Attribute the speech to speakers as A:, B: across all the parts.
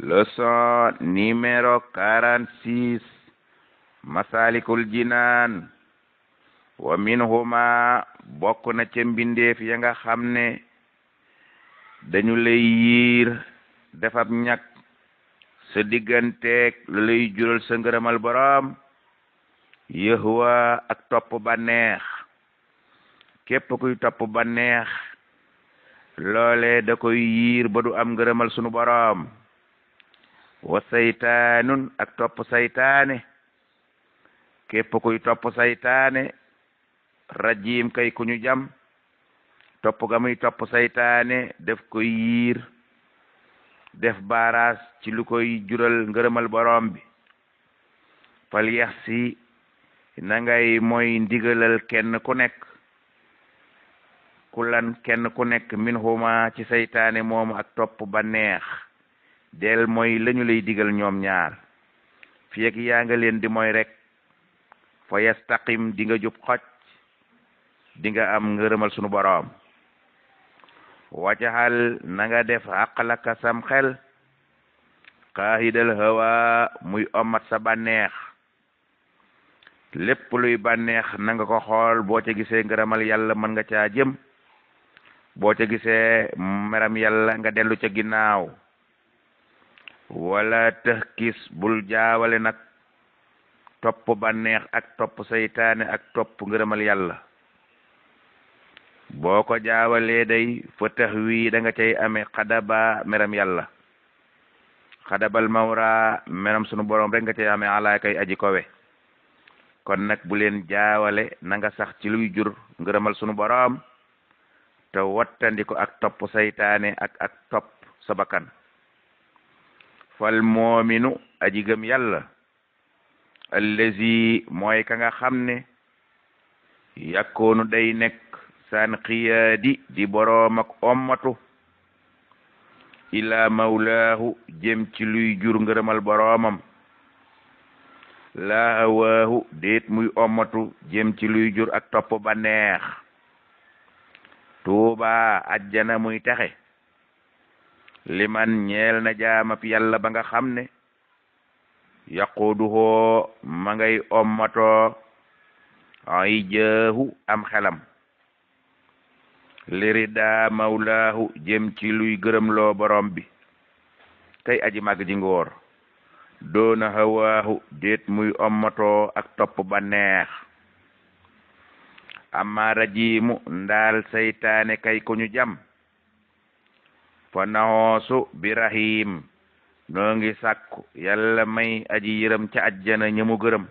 A: leçon numéro quarante-six masalikul jinaan wa minhuma bokk na ca mbindeef ya nga xam ne dañu lay yiir defab ñak sa digganteeg lu lay jural sa ngërëmal boroom yëxwa ak topp bànneex képp kuy topp bànneex loole da koy yiir ba du am ngërëmal sunu boroom wa saytaanun ak topp saytaane képp kuy topp saytaane rajim kay ku ñu jam topp ga muy topp saytaane def koy yiir def baraas ci lu koy jural ngërëmal borom bi fal yax na ngay mooy ndigalal kenn ku nekk ku lan kenn ku nekk min huma ci saytaane moomu ak topp ba neex del mooy lañu lay digal ñoom ñaar fi ak yaa nga leen di mooy rek fa yastaqim di nga jub xoj di am ngërëmal sunu boroom waccaxal na nga def xaqalaka sam xel xaahidal hawa muy omat sa bànneex lépp luy bànneex na nga ko xool boo ca gisee ngërëmal yàlla mën nga caa jëm boo ca gisee meram yàlla nga dellu ca ginnaaw wala tëx kiis bul jaawale nag top bànneex ak topp seytaane ak topp ngërëmal yàlla boo ko jaawalee day fa wii da nga cay amee xadaba meram yàlla xadabal mawra meram sunu borom rek nga cay ame alaa kay kon nag bu leen jaawale na sax ci luy jur ngërëmal sunu borom te wattandi ko ak topp seytaane ak ak topp fal moominu aji gëm yàlla allazi mooy ka nga xam ne yàkkoonu day nekk saan xiyaadi di boroom ak ommatu ilaa mawlaahu jëm ci luy jur ngërëmal boromam laa hawaahu déet muy ommatu jëm ci luy jur ak topp ba neex tuuba ajjana muy texe liman ñeel na jaamab yàlla ba nga xam ne yaquduhoo ma ngay ommatoo ay jaahu am xelam lirida mawlaahu jëm ci luy gërëmloo borom bi tey aji màgg ji ngoor doona hawaahu déet muy ommatoo ak topp ba neex amma rajimu ndaal seytaane kay ko ñu jam fa naxoosu bi noo ngi sàkku yàlla may aji yërëm ca ajjana ñamu gërëm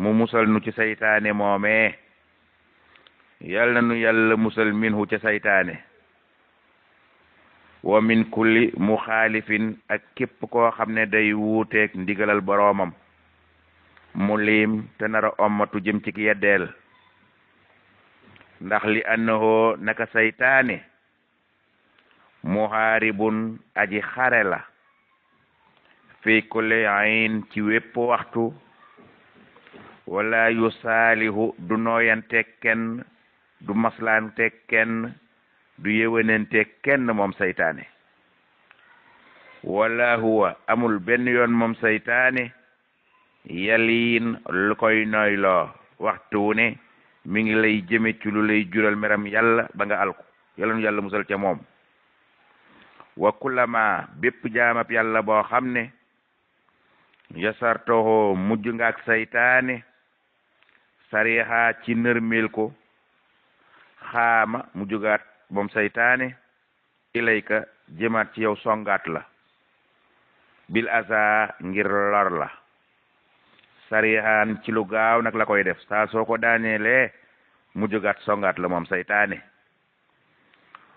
A: mu musal nu ci seytaane moomee yàlla nu yàlla musal minhu ca seytaane wa min kulli muxaalifin ak képp koo xam ne day wuuteeg ndigalal boroomam mu liim te nara ommatu jëm ci ki yeddeel ndax li annahoo naka saytaane muharibun aji xare la fi kulli ayn ci wépp waxtu wala yu saalihu du nooyante kenn du maslante kenn du yëwanante kenn moom seytaane wala huwa amul benn yoon moom seytaane yaliin lu koy nooyloo waxtu wu ne mi ngi lay jëme ci lu lay jural meram yàlla ba nga alku yàlla nu yàlla musal ca moom wa kullama bépp jaamab yàlla boo xam ne yasartoxoo mujj nga ak saytaane sariha ci nërmil ko xaama mu jugaat moom saytaane ilayka jëmaat ci yow songaat la bil asa ngir lor la ci lu gaaw nag la koy def saa soo ko daaneele mu jugaat songaat la moom saytaane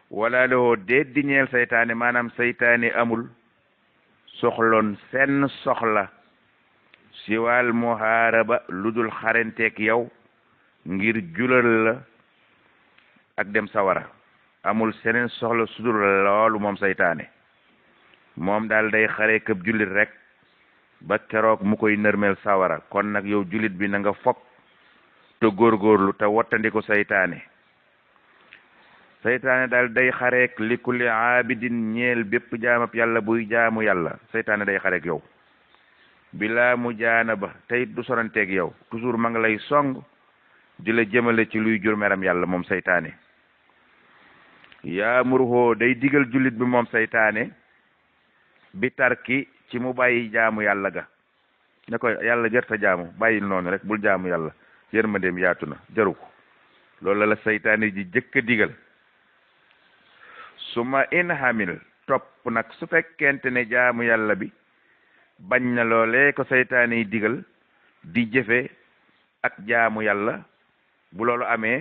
A: wala lewoo déet di ñeel saytaane maanaam saytaane amul soxloon seen soxla siwal muhaaraba lu dul xaranteek yow ngir julal la ak dem sawara amul seneen soxla sudul loolu moom saytaane moom daal day xare këb julit rek ba keroog mu koy nërmeel sawara kon nag yow julit bi na nga fokk te góorgóorlu te wattandiko saytaane seytaane daal day xareek li kulli aabidin ñeel bépp jaamab yàlla buy jaamu yàlla seytaane day xareek yow bilaa mu jaana ba tey du soranteeg yow toujours mang lay song di la jëmale ci luy jur meram yàlla moom seytaane yaamuruhoo day digal jullit bi moom seytaane bi tarki ci mu bàyyi jaamu yàlla ga ne ko yàlla jërta jaamu bàyyil noonu rek bul jaamu yàlla yërmandeem yaatu na jaru ko loolu la la seytaane ji jëkk a digal su ma in topp nag su fekkent ne jaamu yàlla bi bañ na loolee ko seytaane digal di jëfe ak jaamu yàlla bu loolu amee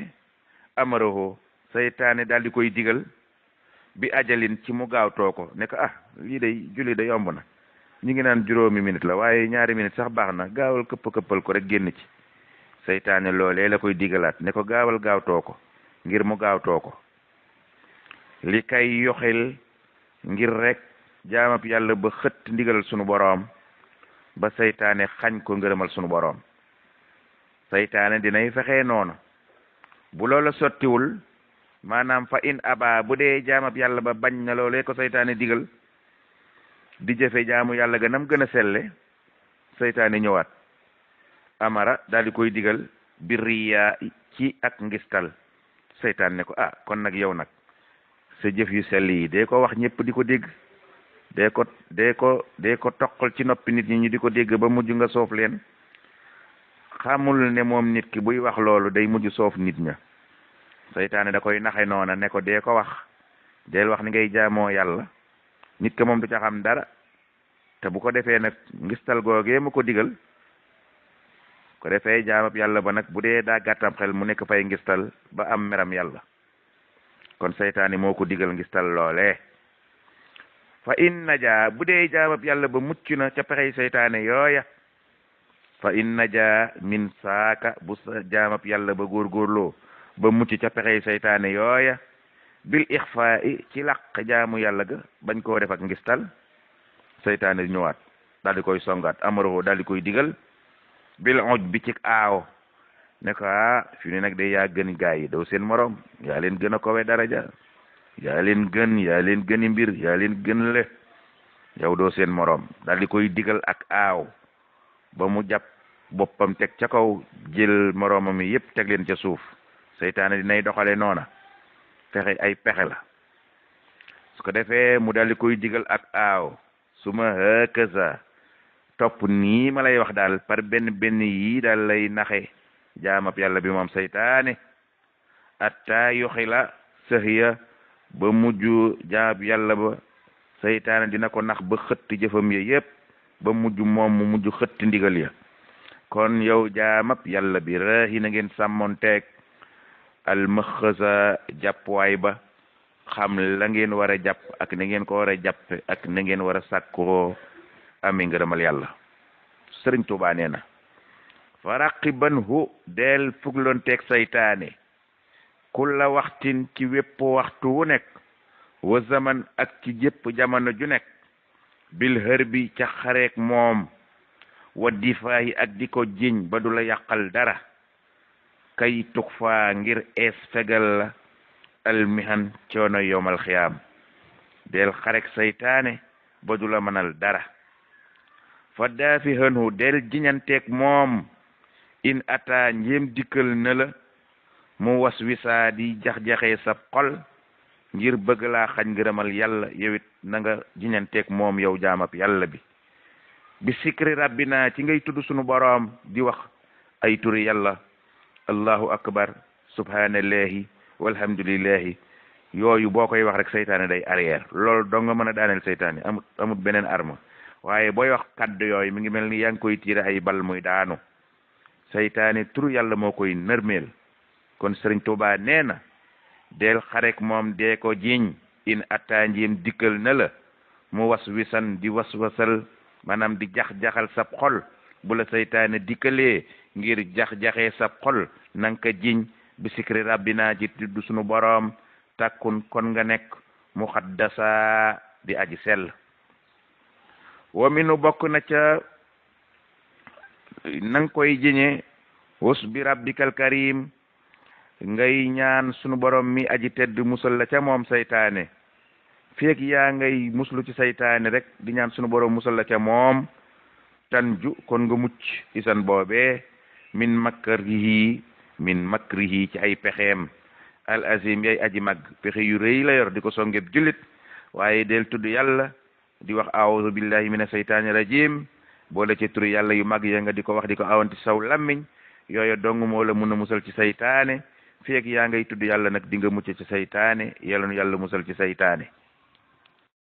A: amaraho seytaane daal di koy digal bi ajalin ci mu gaawtoo ko ne ah lii day julli da yomb na ñu ngi naan juróomi minute la waaye ñaari minute sax baax na gaawal këpp këppal ko rek génn ci seytaane loolee la koy digalaat ne ko gaawal gaawtoo ko ngir mu gaawtoo ko li kay yoxil ngir rek jaamab yàlla ba xëtt ndigalal sunu boroom ba seytaane xañ ko ngërëmal sunu boroom saytaane dinay fexe noonu bu loola sottiwul maanaam fa in aba bu dee jaamab yàlla ba bañ na loolee ko saytaane digal di jëfe jaamu yàlla ga nam gën a selle seytaane ñëwaat amara daal koy digal bi riyaa ci ak ngistal saytaan ne ko ah kon nag yow nag sa jëf yu sell yi dee ko wax ñépp di ko dégg de ko dee ko dee ko toqal ci noppi nit ñi ñu di ko dégg ba mujj nga soof leen xamul ne moom nit ki buy wax loolu day mujj soof nit ña seytaane da koy naxe noona ne ko dee ko wax del wax ni ngay jaamoo yàlla nit ka moom du ca xam dara te bu ko defee nag ngistal googee ma ko digal ko defee jaamab yàlla ba nag bu dee daa gàttam xel mu nekk fay ngistal ba am meram yàlla kon seytaane moo ko digal ngistal loole fa in najaa bu dee jaamab yàlla ba mucc na ca pexey seytaane yooya fa in najaa min saaka bu jaamab yàlla ba góor góorgóorloo ba mucc ca pexey seytaane yooya bil ixfaa i ci làq jaamu yàlla ga bañ koo def ak ngistal seytaane ñëwaat daal koy songaat amaroho daal di koy digal bil uj bi ci aawo ne ko ah fi ne nag de yaa gën gaa yi doo seen morom yaa leen gën a kowe daraja yaa leen gën yaa leen gëni mbir yaa leen gën le yow doo seen moroom daal di koy digal ak aaw ba mu jàpp boppam teg ca kaw jël moroomam yi yëpp teg leen ca suuf seytaane dinay doxale noona fexe ay pexe la su ko defee mu dal di koy digal ak aaw su ma hëkk sa topp nii ma lay wax daal par benn benn yii daal lay naxe jaamab yàlla bi moom seytaane attaa yoxila sëhiya ba mujj jaamab yàlla ba seytaane dina ko nax ba xëtt jëfam ya ba mujj moom mu mujj xëtt ndigal ya kon yow jaamab yàlla bi raahi na ngeen sàmmonteeg almaxasa jàppwaay ba xam la ngeen war a jàpp ak na ngeen ko war a jàppe ak na ngeen war a sàkkoo ami ngërëmal yàlla sëriñ Tuubaa na faraqiban hu del fugloonteeg ku la waxtin ci wépp waxtu wu nekk wa zaman ak ci jëpp jamono ju nekk bil hër bi ca xareek moom wa difaayi ak di ko jiñ ba du la yàqal dara kay tux faa ngir ees fegal la almihan coono yomal xiyaam del xarek saytaane ba du la mënal dara fa daafi hën hu del jiñanteeg moom in ata njéem dikkal na la mu was wisaa di jax jaxe sab xol ngir bëgg laa xañ ngërëmal yàlla yow it na moom yow jaamab yàlla bi bi sikri rabbina ci ngay tudd sunu boroom di wax ay turi yàlla allahu akbar subhanallahi walhamdulillahi yooyu boo koy wax rek seytaane day arrière loolu doo nga mën a daaneel seytaane amut amut beneen arme waaye booy wax kaddu yooyu mu ngi mel ni yaa ngi koy tiire ay bal muy daanu seytaane tur yàlla moo koy nërmeel kon sëriñ Tuubaa nee na del xarek moom dee ko jiiñ in attaanjim dikkal na la mu was wisan di was wasal maanaam di jax-jaxal sab xol bu la seytaane dikkalee ngir jax jaxe sab xol nanga ko jiiñ bisikri rabbinaa ci tudd sunu borom takkun kon nga nekk mu xaddasa di aji sell wa minu bokk na ca na koy jëñee was bi rabbikal karim ngay ñaan sunu borom mi aji tedd musal la ca moom seytaane feek yaa ngay muslu ci saytaane rek di ñaan sunu borom musal la ca moom tanju kon nga mucc isan boobee min makrihi min makrihi ci ay pexeem al azim yay aji mag pexe yu rëy la yor di ko songeb jullit waaye del tudd yàlla di wax a'udhu billahi mina saytaani rajim boole ci turi yàlla yu mag yee nga di ko wax di ko awanti saw làmmiñ yooya dong moo la mun a musal ci saytaane feek yaa ngay tudd yàlla nag di nga mucc ci saytaane yàlla nu yàlla musal ci saytaane